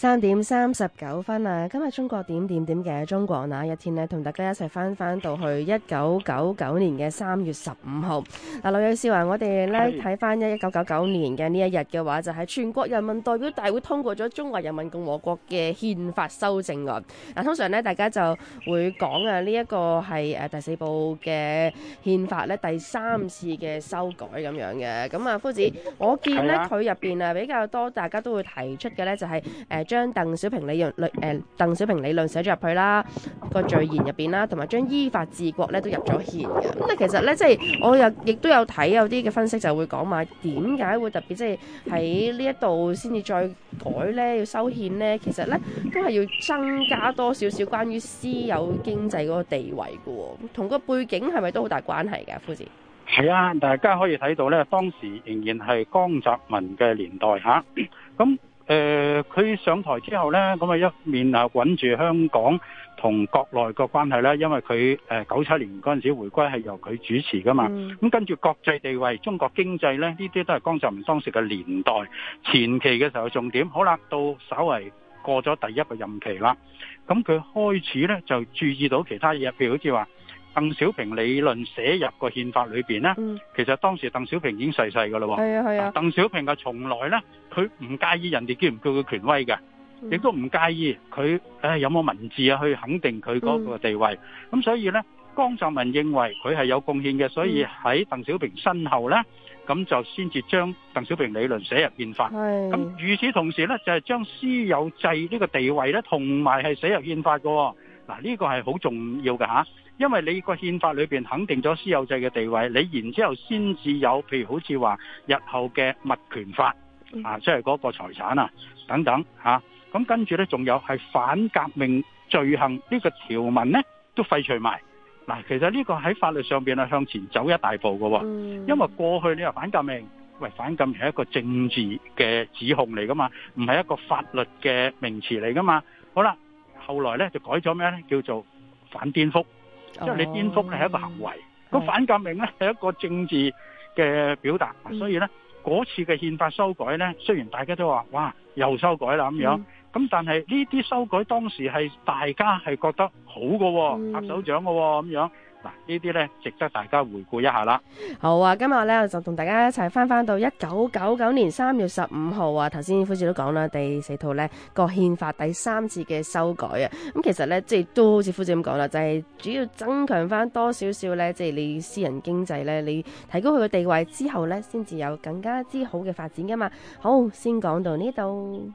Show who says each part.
Speaker 1: 三點三十九分啊！今日中國點點點嘅中國那一天呢，同大家一齊翻翻到去一九九九年嘅三月十五號。嗱、呃，老友笑話，我哋咧睇翻一九九九年嘅呢一日嘅話，就係、是、全國人民代表大會通過咗中華人民共和國嘅憲法修正案。嗱、呃，通常呢，大家就會講啊，呢一個係誒第四部嘅憲法咧第三次嘅修改咁樣嘅。咁、呃、啊，夫子，我見呢，佢入邊啊比較多，大家都會提出嘅呢、就是，就係誒。將鄧小平理論、誒、呃、鄧小平理論寫咗入去啦個序言入邊啦，同埋將依法治國咧都入咗憲嘅。咁啊，其實咧即係我又亦都有睇有啲嘅分析就會講話點解會特別即係喺呢一度先至再改咧要修憲咧，其實咧都係要增加多少少關於私有經濟嗰個地位嘅喎，同個背景係咪都好大關係嘅？夫子
Speaker 2: 係啊，大家可以睇到咧，當時仍然係江澤民嘅年代嚇，咁、啊。誒、呃、佢上台之後呢，咁啊一面啊穩住香港同國內嘅關係呢，因為佢誒九七年嗰陣時回歸係由佢主持噶嘛，咁、嗯、跟住國際地位、中國經濟呢，呢啲都係江澤民當時嘅年代前期嘅時候重點。好啦，到稍微過咗第一個任期啦，咁佢開始呢，就注意到其他嘢，譬如好似話。鄧小平理論寫入個憲法裏邊咧，其實當時鄧小平已經逝世噶咯。係啊係啊，鄧小平就從來咧，佢唔介意人哋叫唔叫佢權威嘅，亦都唔介意佢誒有冇文字啊去肯定佢嗰個地位。咁所以咧，江澤民認為佢係有貢獻嘅，所以喺鄧小平身後咧，咁就先至將鄧小平理論寫入憲法。係咁，與此同時咧，就係將私有制呢個地位咧，同埋係寫入憲法噶。嗱、這、呢個係好重要嘅嚇，因為你個憲法裏面肯定咗私有制嘅地位，你然之後先至有譬如好似話日後嘅物權法啊，即係嗰個財產啊等等嚇。咁、啊、跟住呢，仲有係反革命罪行呢個條文呢都廢除埋。嗱，其實呢個喺法律上面向前走一大步嘅喎，因為過去你話反革命，喂，反革命係一個政治嘅指控嚟噶嘛，唔係一個法律嘅名詞嚟噶嘛。好啦。後來咧就改咗咩咧？叫做反顛覆，即係你顛覆咧係一個行為，咁反革命咧係一個政治嘅表達，所以咧嗰次嘅憲法修改咧，雖然大家都話哇又修改啦咁樣，咁但係呢啲修改當時係大家係覺得好噶，合手掌噶咁樣。嗱，呢啲呢，值得大家回顧一下啦。
Speaker 1: 好啊，今日呢就同大家一齊翻翻到一九九九年三月十五號啊。頭先夫子都講啦，第四套呢個憲法第三次嘅修改啊。咁其實呢，即係都好似夫子咁講啦，就係主要增強翻多少少呢，即係你私人經濟呢，你提高佢嘅地位之後呢，先至有更加之好嘅發展噶嘛。好，先講到呢度。